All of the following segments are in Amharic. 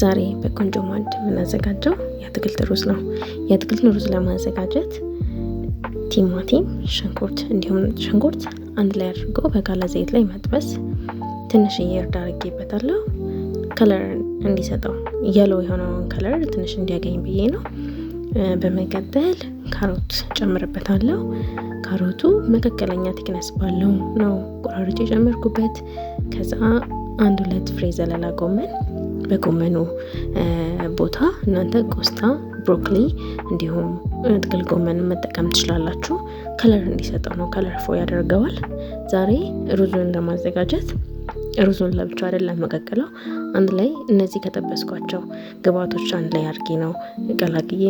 ዛሬ በቆንጆ ማድ የምናዘጋጀው የአትክልት ሩዝ ነው። የአትክልት ሩዝ ለማዘጋጀት ቲማቲም፣ ሽንኩርት እንዲሁም ነጭ ሽንኩርት አንድ ላይ አድርጎ በጋለ ዘይት ላይ መጥበስ፣ ትንሽ እርድ አድርጌበታለሁ። ከለር እንዲሰጠው የሎ የሆነውን ከለር ትንሽ እንዲያገኝ ብዬ ነው። በመቀጠል ካሮት ጨምርበታለሁ። ካሮቱ መካከለኛ ቲክነስ ባለው ነው ቁራርጭ ጨመርኩበት። ከዛ አንድ ሁለት ፍሬ ዘለላ ጎመን በጎመኑ ቦታ እናንተ ቆስጣ፣ ብሮኮሊ እንዲሁም ጥቅል ጎመን መጠቀም ትችላላችሁ። ከለር እንዲሰጠው ነው፣ ከለርፎ ያደርገዋል። ዛሬ ሩዙን ለማዘጋጀት ሩዙን ለብቻ አይደለም መቀቅለው፣ አንድ ላይ እነዚህ ከጠበስኳቸው ግብአቶች አንድ ላይ አድርጌ ነው ቀላቅዬ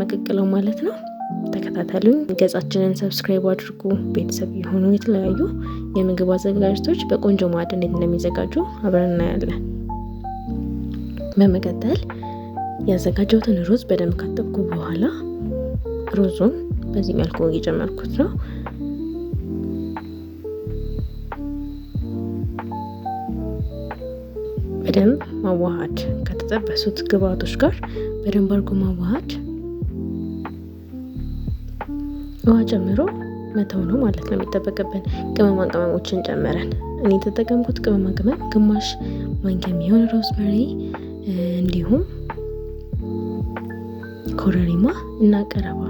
መቀቅለው ማለት ነው። ተከታተሉኝ። ገጻችንን ሰብስክራይብ አድርጉ። ቤተሰብ የሆኑ የተለያዩ የምግብ አዘጋጅቶች በቆንጆ ማዕድ እንዴት እንደሚዘጋጁ አብረን እናያለን። በመቀጠል ያዘጋጀውትን ሩዝ በደንብ ካጠብኩ በኋላ ሩዙን በዚህ መልኩ እየጨመርኩት ነው። በደንብ ማዋሃድ ከተጠበሱት ግብአቶች ጋር በደንብ አድርጎ ማዋሃድ፣ ውሃ ጨምሮ መተው ነው ማለት ነው የሚጠበቅብን። ቅመማ ቅመሞችን ጨምረን እኔ የተጠቀምኩት ቅመማ ቅመም ግማሽ ማንኪያ የሚሆን ሮዝመሪ እንዲሁም ኮረሪማ እና ቀረፋ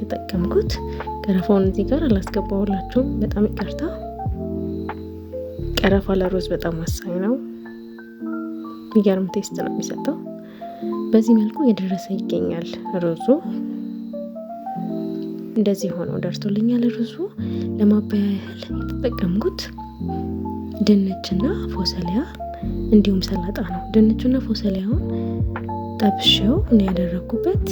የተጠቀምኩት። ቀረፋውን እዚህ ጋር አላስገባውላችሁም፣ በጣም ይቅርታ። ቀረፋ ለሩዝ በጣም ወሳኝ ነው። የሚገርም ቴስት ነው የሚሰጠው። በዚህ መልኩ የደረሰ ይገኛል ሩዙ። እንደዚህ ሆኖ ደርሶልኛል ሩዙ። ለማበያ ያህል የተጠቀምኩት ድንችና ፎሰሊያ እንዲሁም ሰላጣ ነው። ድንቹና ፎሰሊያውን ጠብሼው ነው ያደረግኩበት።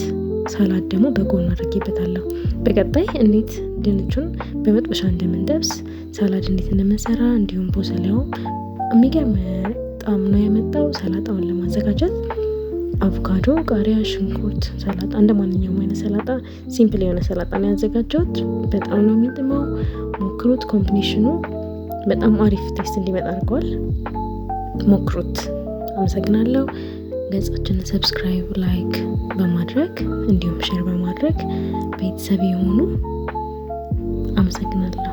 ሳላድ ደግሞ በጎን አድርጌበታለሁ። በቀጣይ እንዴት ድንቹን በመጥበሻ እንደምንጠብስ፣ ሳላድ እንዴት እንደምንሰራ እንዲሁም ፎሰሊያው የሚገርም ጣዕም ነው ያመጣው። ሰላጣውን ለማዘጋጀት አቮካዶ፣ ቃሪያ፣ ሽንኩርት፣ ሰላጣ እንደ ማንኛውም አይነት ሰላጣ ሲምፕል የሆነ ሰላጣ ነው ያዘጋጀሁት። በጣም ነው የሚጥመው። ሞክሩት። ኮምቢኔሽኑ በጣም አሪፍ ቴስት እንዲመጣ አድርገዋል። ሞክሩት። አመሰግናለሁ። ገጻችንን ሰብስክራይብ፣ ላይክ በማድረግ እንዲሁም ሼር በማድረግ ቤተሰብ የሆኑ አመሰግናለሁ።